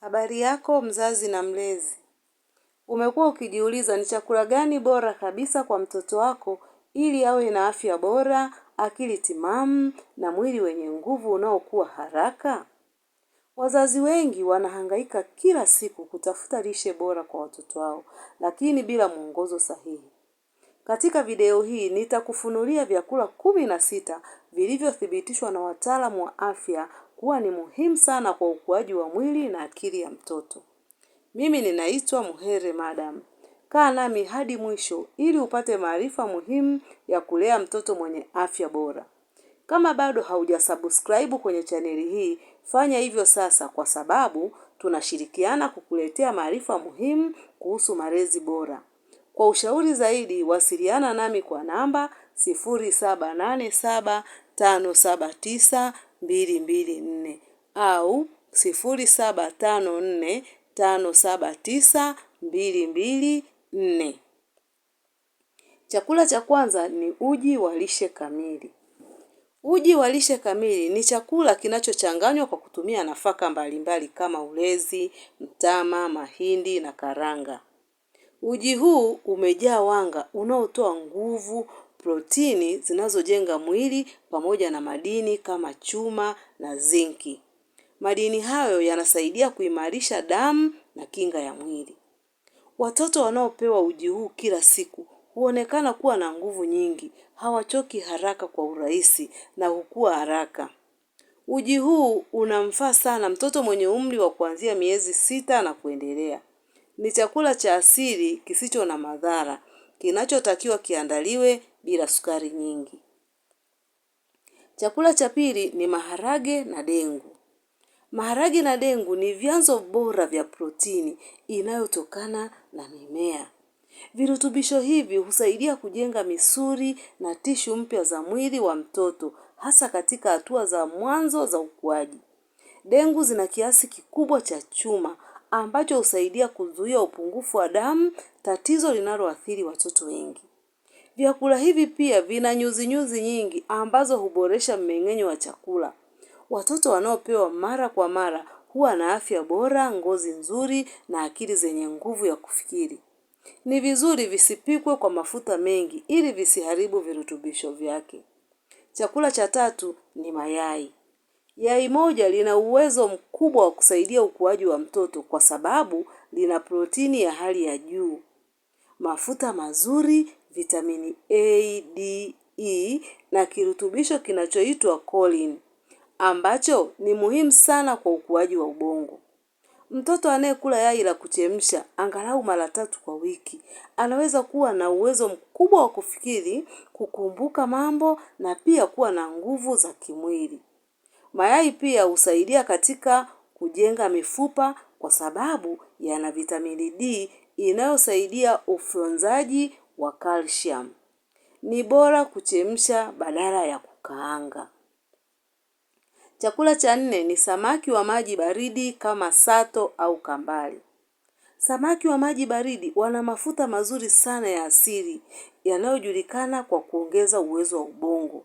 Habari yako mzazi na mlezi. Umekuwa ukijiuliza ni chakula gani bora kabisa kwa mtoto wako ili awe na afya bora, akili timamu na mwili wenye nguvu unaokuwa haraka? Wazazi wengi wanahangaika kila siku kutafuta lishe bora kwa watoto wao, lakini bila mwongozo sahihi. Katika video hii nitakufunulia vyakula kumi na sita vilivyothibitishwa na wataalamu wa afya kuwa ni muhimu sana kwa ukuaji wa mwili na akili ya mtoto. Mimi ninaitwa Muhere Madam. Kaa nami hadi mwisho ili upate maarifa muhimu ya kulea mtoto mwenye afya bora. Kama bado haujasubscribe kwenye chaneli hii, fanya hivyo sasa kwa sababu tunashirikiana kukuletea maarifa muhimu kuhusu malezi bora. Kwa ushauri zaidi, wasiliana nami kwa namba 0787579224 au 0754579224. Chakula cha kwanza ni uji wa lishe kamili. Uji wa lishe kamili ni chakula kinachochanganywa kwa kutumia nafaka mbalimbali kama ulezi, mtama, mahindi na karanga. Uji huu umejaa wanga unaotoa nguvu, protini zinazojenga mwili pamoja na madini kama chuma na zinki. Madini hayo yanasaidia kuimarisha damu na kinga ya mwili. Watoto wanaopewa uji huu kila siku huonekana kuwa na nguvu nyingi, hawachoki haraka kwa urahisi na hukua haraka. Uji huu unamfaa sana mtoto mwenye umri wa kuanzia miezi sita na kuendelea. Ni chakula cha asili kisicho na madhara, kinachotakiwa kiandaliwe bila sukari nyingi. Chakula cha pili ni maharage na dengu. Maharage na dengu ni vyanzo bora vya protini inayotokana na mimea. Virutubisho hivi husaidia kujenga misuli na tishu mpya za mwili wa mtoto hasa katika hatua za mwanzo za ukuaji. Dengu zina kiasi kikubwa cha chuma ambacho husaidia kuzuia upungufu wa damu, tatizo linaloathiri watoto wengi. Vyakula hivi pia vina nyuzinyuzi nyingi ambazo huboresha mmeng'enyo wa chakula. Watoto wanaopewa mara kwa mara huwa na afya bora, ngozi nzuri na akili zenye nguvu ya kufikiri. Ni vizuri visipikwe kwa mafuta mengi ili visiharibu virutubisho vyake. Chakula cha tatu ni mayai. Yai moja lina uwezo mkubwa wa kusaidia ukuaji wa mtoto kwa sababu lina protini ya hali ya juu, mafuta mazuri, vitamini A, D, E na kirutubisho kinachoitwa colin ambacho ni muhimu sana kwa ukuaji wa ubongo. Mtoto anayekula yai la kuchemsha angalau mara tatu kwa wiki anaweza kuwa na uwezo mkubwa wa kufikiri, kukumbuka mambo na pia kuwa na nguvu za kimwili. Mayai pia husaidia katika kujenga mifupa kwa sababu yana vitamini D inayosaidia ufyonzaji wa calcium. Ni bora kuchemsha badala ya kukaanga. Chakula cha nne ni samaki wa maji baridi kama sato au kambali Samaki wa maji baridi wana mafuta mazuri sana ya asili yanayojulikana kwa kuongeza uwezo wa ubongo.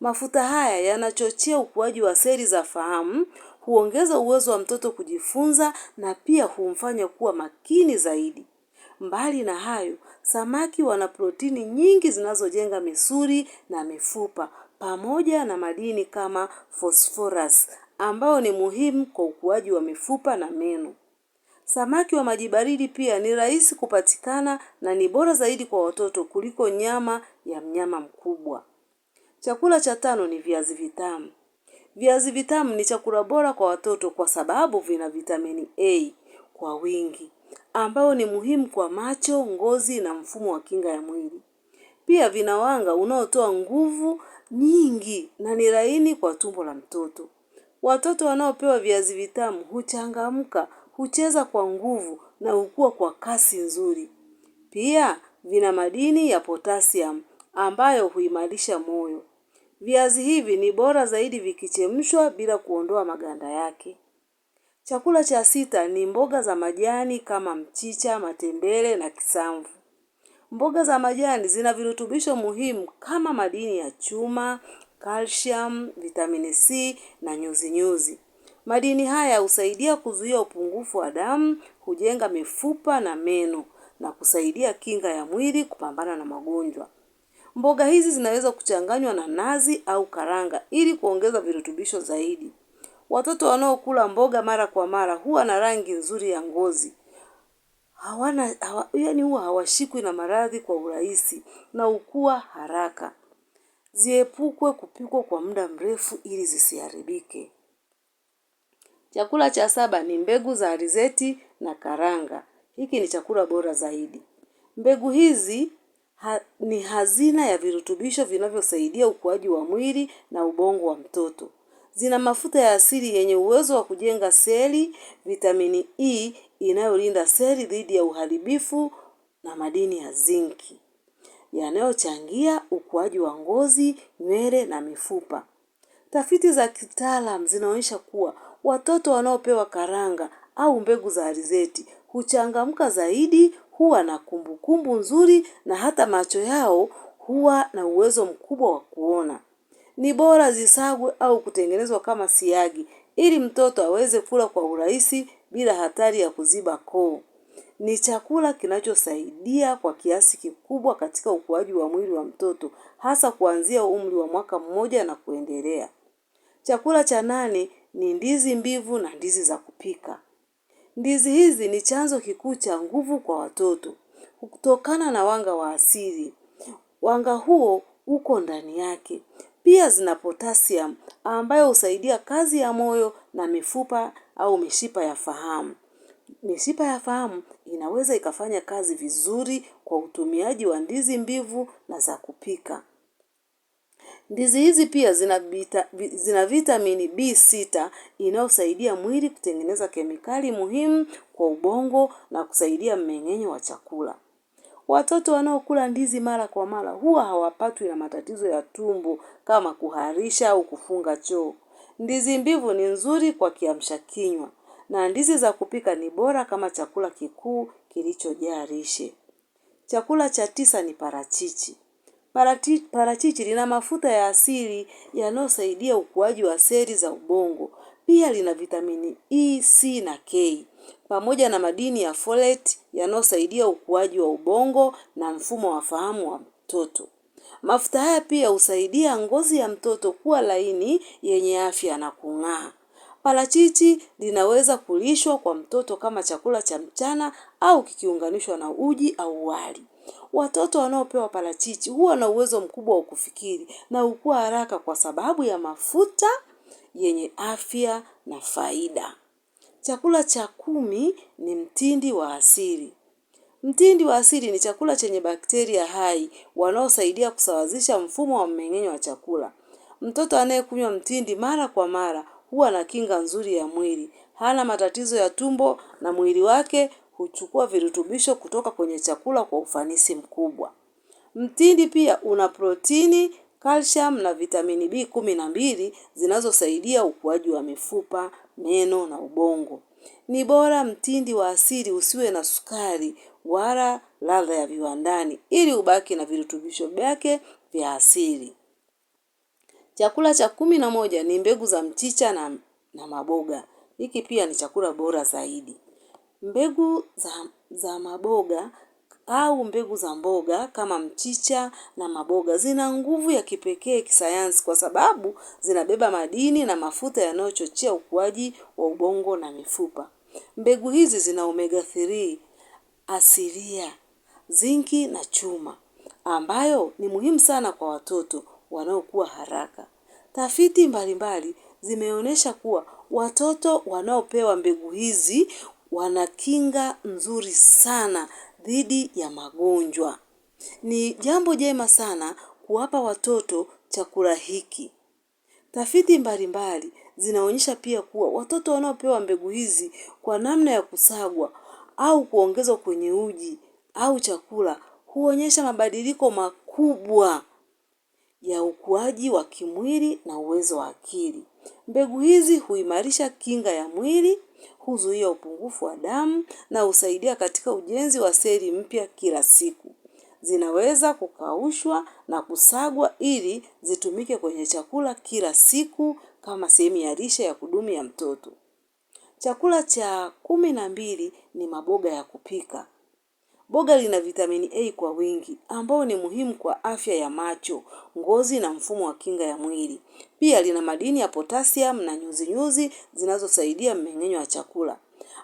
Mafuta haya yanachochea ukuaji wa seli za fahamu, huongeza uwezo wa mtoto kujifunza na pia humfanya kuwa makini zaidi. Mbali na hayo, samaki wana protini nyingi zinazojenga misuli na mifupa pamoja na madini kama phosphorus ambayo ni muhimu kwa ukuaji wa mifupa na meno. Samaki wa maji baridi pia ni rahisi kupatikana na ni bora zaidi kwa watoto kuliko nyama ya mnyama mkubwa. Chakula cha tano ni viazi vitamu. Viazi vitamu ni chakula bora kwa watoto kwa sababu vina vitamini A kwa wingi ambayo ni muhimu kwa macho, ngozi na mfumo wa kinga ya mwili. Pia vina wanga unaotoa nguvu nyingi na ni laini kwa tumbo la mtoto. Watoto wanaopewa viazi vitamu huchangamka, hucheza kwa nguvu na hukua kwa kasi nzuri. Pia vina madini ya potassium ambayo huimarisha moyo. Viazi hivi ni bora zaidi vikichemshwa bila kuondoa maganda yake. Chakula cha sita ni mboga za majani kama mchicha, matembele na kisamvu. Mboga za majani zina virutubisho muhimu kama madini ya chuma, calcium, vitamini C na nyuzinyuzi. Madini haya husaidia kuzuia upungufu wa damu, hujenga mifupa na meno na kusaidia kinga ya mwili kupambana na magonjwa. Mboga hizi zinaweza kuchanganywa na nazi au karanga ili kuongeza virutubisho zaidi. Watoto wanaokula mboga mara kwa mara huwa na rangi nzuri ya ngozi. Hawana hawa, yani huwa hawashikwi na maradhi kwa urahisi na ukua haraka. Ziepukwe kupikwa kwa muda mrefu ili zisiharibike. Chakula cha saba ni mbegu za alizeti na karanga. Hiki ni chakula bora zaidi. Mbegu hizi ha, ni hazina ya virutubisho vinavyosaidia ukuaji wa mwili na ubongo wa mtoto. Zina mafuta ya asili yenye uwezo wa kujenga seli, vitamini E inayolinda seli dhidi ya uharibifu na madini ya zinki yanayochangia ukuaji wa ngozi, nywele na mifupa. Tafiti za kitaalam zinaonyesha kuwa watoto wanaopewa karanga au mbegu za alizeti huchangamka zaidi, huwa na kumbukumbu nzuri na hata macho yao huwa na uwezo mkubwa wa kuona. Ni bora zisagwe au kutengenezwa kama siagi ili mtoto aweze kula kwa urahisi bila hatari ya kuziba koo. Ni chakula kinachosaidia kwa kiasi kikubwa katika ukuaji wa mwili wa mtoto hasa kuanzia umri wa mwaka mmoja na kuendelea. Chakula cha nane ni ndizi mbivu na ndizi za kupika. Ndizi hizi ni chanzo kikuu cha nguvu kwa watoto kutokana na wanga wa asili. Wanga huo uko ndani yake. Pia zina potassium ambayo husaidia kazi ya moyo na mifupa au mishipa ya fahamu. Mishipa ya fahamu inaweza ikafanya kazi vizuri kwa utumiaji wa ndizi mbivu na za kupika. Ndizi hizi pia zina, vita, zina vitamini B6 inayosaidia mwili kutengeneza kemikali muhimu kwa ubongo na kusaidia mmeng'enyo wa chakula. Watoto wanaokula ndizi mara kwa mara huwa hawapatwi na matatizo ya tumbo kama kuharisha au kufunga choo. Ndizi mbivu ni nzuri kwa kiamsha kinywa na ndizi za kupika ni bora kama chakula kikuu kilichojaa lishe. Chakula cha tisa ni parachichi. Parachichi lina mafuta ya asili yanayosaidia ukuaji wa seli za ubongo. Pia lina vitamini E, C na K pamoja na madini ya folate yanayosaidia ukuaji wa ubongo na mfumo wa fahamu wa mtoto. Mafuta haya pia husaidia ngozi ya mtoto kuwa laini yenye afya na kung'aa. Parachichi linaweza kulishwa kwa mtoto kama chakula cha mchana au kikiunganishwa na uji au wali. Watoto wanaopewa parachichi huwa na uwezo mkubwa wa kufikiri na hukua haraka kwa sababu ya mafuta yenye afya na faida. Chakula cha kumi ni mtindi wa asili. Mtindi wa asili ni chakula chenye bakteria hai wanaosaidia kusawazisha mfumo wa mmeng'enyo wa chakula. Mtoto anayekunywa mtindi mara kwa mara huwa na kinga nzuri ya mwili, hana matatizo ya tumbo na mwili wake huchukua virutubisho kutoka kwenye chakula kwa ufanisi mkubwa. Mtindi pia una protini, calcium na vitamini B kumi na mbili zinazosaidia ukuaji wa mifupa, meno na ubongo. Ni bora mtindi wa asili usiwe na sukari wala ladha ya viwandani ili ubaki na virutubisho vyake vya asili. Chakula cha kumi na moja ni mbegu za mchicha na, na maboga. Hiki pia ni chakula bora zaidi. Mbegu za maboga au mbegu za mboga kama mchicha na maboga zina nguvu ya kipekee kisayansi kwa sababu zinabeba madini na mafuta yanayochochea ukuaji wa ubongo na mifupa. Mbegu hizi zina omega 3 asilia, zinki na chuma ambayo ni muhimu sana kwa watoto wanaokuwa haraka. Tafiti mbalimbali zimeonyesha kuwa watoto wanaopewa mbegu hizi wana kinga nzuri sana dhidi ya magonjwa. Ni jambo jema sana kuwapa watoto chakula hiki. Tafiti mbalimbali zinaonyesha pia kuwa watoto wanaopewa mbegu hizi kwa namna ya kusagwa au kuongezwa kwenye uji au chakula huonyesha mabadiliko makubwa ya ukuaji wa kimwili na uwezo wa akili. Mbegu hizi huimarisha kinga ya mwili huzuia upungufu wa damu na husaidia katika ujenzi wa seli mpya kila siku. Zinaweza kukaushwa na kusagwa ili zitumike kwenye chakula kila siku kama sehemu ya lishe ya kudumu ya mtoto. Chakula cha kumi na mbili ni maboga ya kupika. Boga lina vitamini A kwa wingi ambao ni muhimu kwa afya ya macho, ngozi na mfumo wa kinga ya mwili. Pia lina madini ya potasiamu na nyuzinyuzi zinazosaidia mmeng'enyo wa chakula.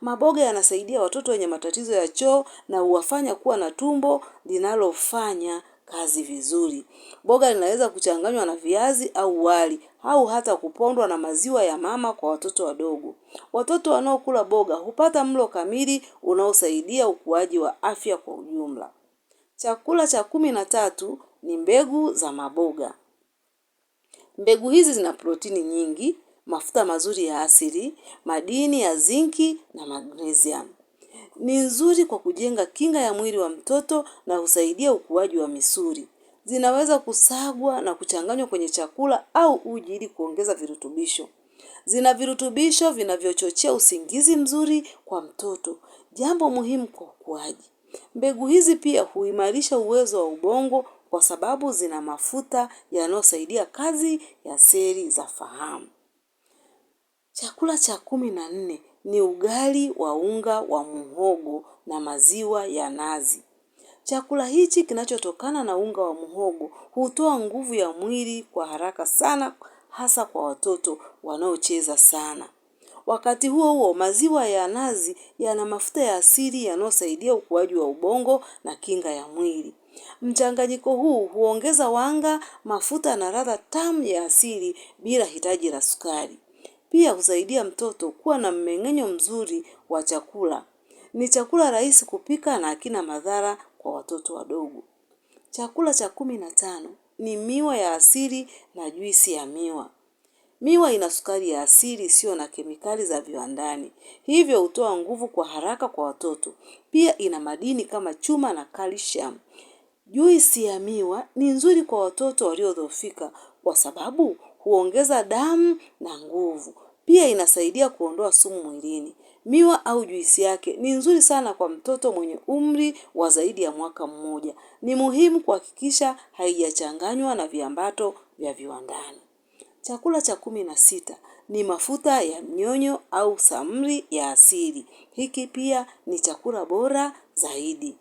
Maboga yanasaidia watoto wenye matatizo ya choo na huwafanya kuwa na tumbo linalofanya kazi vizuri. Boga linaweza kuchanganywa na viazi au wali au hata kupondwa na maziwa ya mama kwa watoto wadogo. Watoto wanaokula boga hupata mlo kamili unaosaidia ukuaji wa afya kwa ujumla. Chakula cha kumi na tatu ni mbegu za maboga. Mbegu hizi zina protini nyingi, mafuta mazuri ya asili, madini ya zinki na magnesium. Ni nzuri kwa kujenga kinga ya mwili wa mtoto na husaidia ukuaji wa misuli zinaweza kusagwa na kuchanganywa kwenye chakula au uji ili kuongeza virutubisho. Zina virutubisho vinavyochochea usingizi mzuri kwa mtoto, jambo muhimu kwa ukuaji. Mbegu hizi pia huimarisha uwezo wa ubongo kwa sababu zina mafuta yanayosaidia kazi ya seli za fahamu. Chakula cha kumi na nne ni ugali wa unga wa muhogo na maziwa ya nazi. Chakula hichi kinachotokana na unga wa muhogo hutoa nguvu ya mwili kwa haraka sana hasa kwa watoto wanaocheza sana. Wakati huo huo, maziwa ya nazi yana mafuta ya asili yanayosaidia ukuaji wa ubongo na kinga ya mwili. Mchanganyiko huu huongeza wanga, mafuta na ladha tamu ya asili bila hitaji la sukari. Pia husaidia mtoto kuwa na mmeng'enyo mzuri wa chakula. Ni chakula rahisi kupika na hakina madhara kwa watoto wadogo. Chakula cha kumi na tano ni miwa ya asili na juisi ya miwa. Miwa ina sukari ya asili isiyo na kemikali za viwandani. Hivyo hutoa nguvu kwa haraka kwa watoto. Pia ina madini kama chuma na calcium. Juisi ya miwa ni nzuri kwa watoto waliodhoofika kwa sababu huongeza damu na nguvu. Pia inasaidia kuondoa sumu mwilini. Miwa au juisi yake ni nzuri sana kwa mtoto mwenye umri wa zaidi ya mwaka mmoja. Ni muhimu kuhakikisha haijachanganywa na viambato vya viwandani. Chakula cha kumi na sita ni mafuta ya mnyonyo au samri ya asili. Hiki pia ni chakula bora zaidi.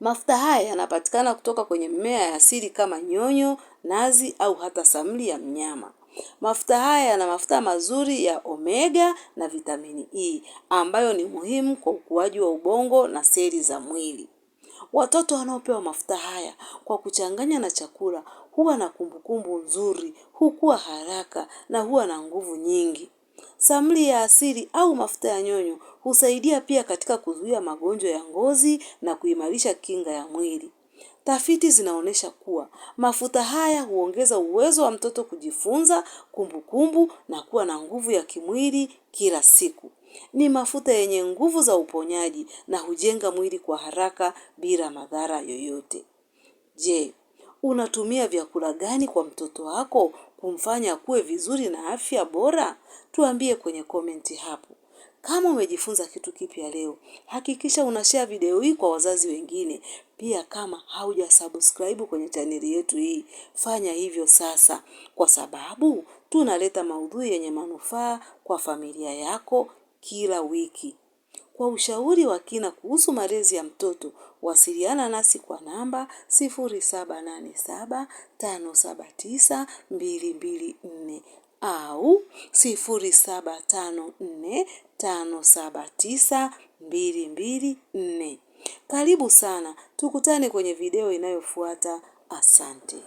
Mafuta haya yanapatikana kutoka kwenye mimea ya asili kama nyonyo, nazi au hata samli ya mnyama. Mafuta haya yana mafuta mazuri ya omega na vitamini E ambayo ni muhimu kwa ukuaji wa ubongo na seli za mwili. Watoto wanaopewa mafuta haya kwa kuchanganya na chakula huwa na kumbukumbu nzuri, hukua haraka na huwa na nguvu nyingi. Samli ya asili au mafuta ya nyonyo husaidia pia katika kuzuia magonjwa ya ngozi na kuimarisha kinga ya mwili. Tafiti zinaonyesha kuwa mafuta haya huongeza uwezo wa mtoto kujifunza, kumbukumbu na kuwa na nguvu ya kimwili kila siku. Ni mafuta yenye nguvu za uponyaji na hujenga mwili kwa haraka bila madhara yoyote. Je, unatumia vyakula gani kwa mtoto wako kumfanya akue vizuri na afya bora? Tuambie kwenye komenti hapo. Kama umejifunza kitu kipya leo, hakikisha unashare video hii kwa wazazi wengine. Pia kama hauja subscribe kwenye chaneli yetu hii, fanya hivyo sasa, kwa sababu tunaleta maudhui yenye manufaa kwa familia yako kila wiki. Kwa ushauri wa kina kuhusu malezi ya mtoto, wasiliana nasi kwa namba 0787579224 au sifuri saba tano nne tano saba tisa mbili mbili nne. Karibu sana, tukutane kwenye video inayofuata. Asante.